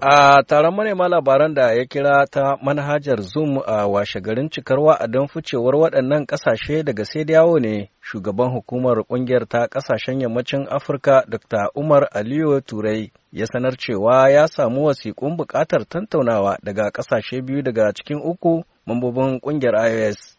A taron manema labaran da ya kira ta manhajar Zoom a washe garin a don ficewar waɗannan ƙasashe daga sai yawo ne shugaban hukumar ƙungiyar ta ƙasashen yammacin Afirka Dr. Umar Aliyu Turai ya sanar cewa ya samu wasiƙun buƙatar tantaunawa daga ƙasashe biyu daga cikin uku mambobin ƙungiyar IOS.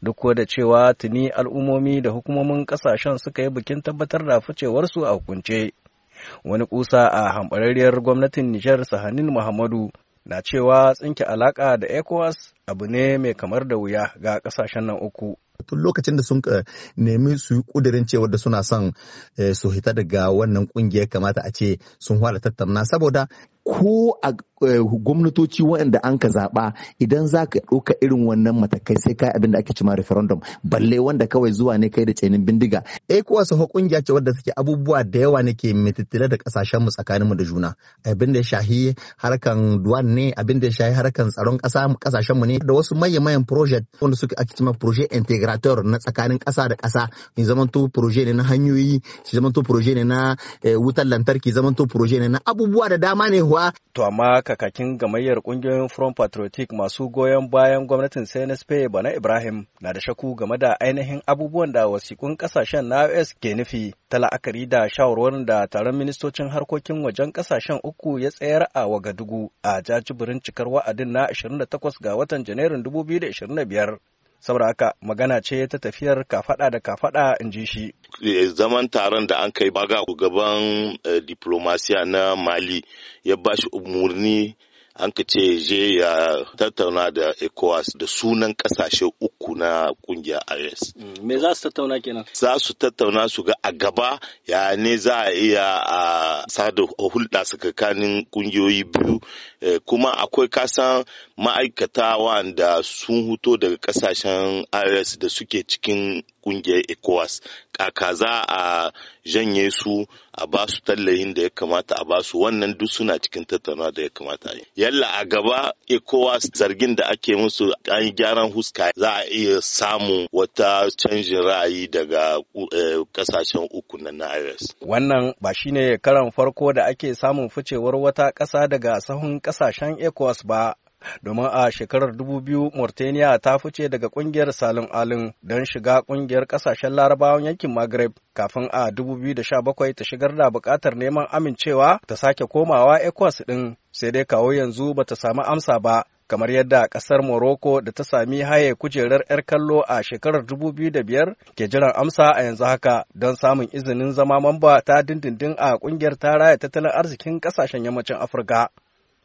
Duk da cewa tuni al'ummomi da hukumomin ƙasashen suka yi bikin tabbatar da ficewarsu a hukunce. wani kusa a hambarariyar gwamnatin nijar sahanin muhammadu na cewa tsinke alaka da ecowas abu ne mai kamar da wuya ga kasashen nan uku tun lokacin da sun eh, nemi su yi kudirin cewa da suna son eh, su hita daga wannan kungiyar kamata a ce sun fara tattauna saboda ko a Eh, gwamnatoci waɗanda an ka zaɓa idan za ka ɗauka irin wannan matakai sai kai abin da ake cima referendum balle wanda kawai zuwa ne kai da tsenin bindiga. ECOWAS ho kungiya ce wadda suke abubuwa da yawa ne ke mitattile da kasashen mu tsakanin mu da juna. Abin da shahi harkan duwan ne abin da shahi harkan tsaron ƙasa kasashen mu ne da wasu manya-manyan project wanda suke ake cima project integrator na tsakanin ƙasa da ƙasa ya to project ne na hanyoyi ya to project ne na eh, wutar lantarki to project ne na abubuwa da dama ne huwa. To amma kakakin gamayyar kungiyoyin Front Patriotic masu goyon bayan gwamnatin CNSP Bana Ibrahim na da shaku game da ainihin abubuwan da wasikun ƙasashen na US ke nufi ta la'akari da shawarwarin da taron ministocin harkokin wajen kasashen uku ya tsayar a Wagadugu a jajibirin cikar wa'adin na 28 ga watan Janairun 2025. saboda haka magana ce ta tafiyar kafada da kafada in ji shi eh, zaman taron da an kai baga gaban eh, diplomasiya na mali ya bashi umarni an ka ce je ya tattauna da ECOWAS da sunan kasashe uku na kungiyar IS. Mm, me za su tattauna kenan? Za su tattauna su ga a gaba ya ne za a iya a sada hulɗa tsakanin kungiyoyi biyu Eh, kuma akwai kasan ma'aikata wanda sun huto daga kasashen irs da suke cikin kungiyar ecowas kaka za a janye su a ba su tallahin da ya kamata a ba su wannan duk suna cikin tattaunawa da ya kamata yi yalla a gaba ecowas zargin da ake musu an yi gyaran huska za a iya samun wata canjin ra'ayi daga eh, kasashen uku na irs wannan ba shine karan farko da ake samun ficewar wata kasa daga sahun ƙasashen ECOWAS ba. domin a shekarar 2000 Mauritania ta fice daga kungiyar Salin Alin don shiga kungiyar kasashen larabawan yankin Magreb, kafin a 2017 ta shigar da bukatar neman amincewa ta sake komawa ECOWAS din sai dai kawo yanzu bata samu amsa ba kamar yadda kasar Morocco da ta sami haye kujerar 'yar kallo a shekarar dubu biyu da biyar ke jiran amsa a yanzu haka don samun izinin zama mamba ta dindindin a kungiyar ta raya tattalin arzikin kasashen yammacin Afirka.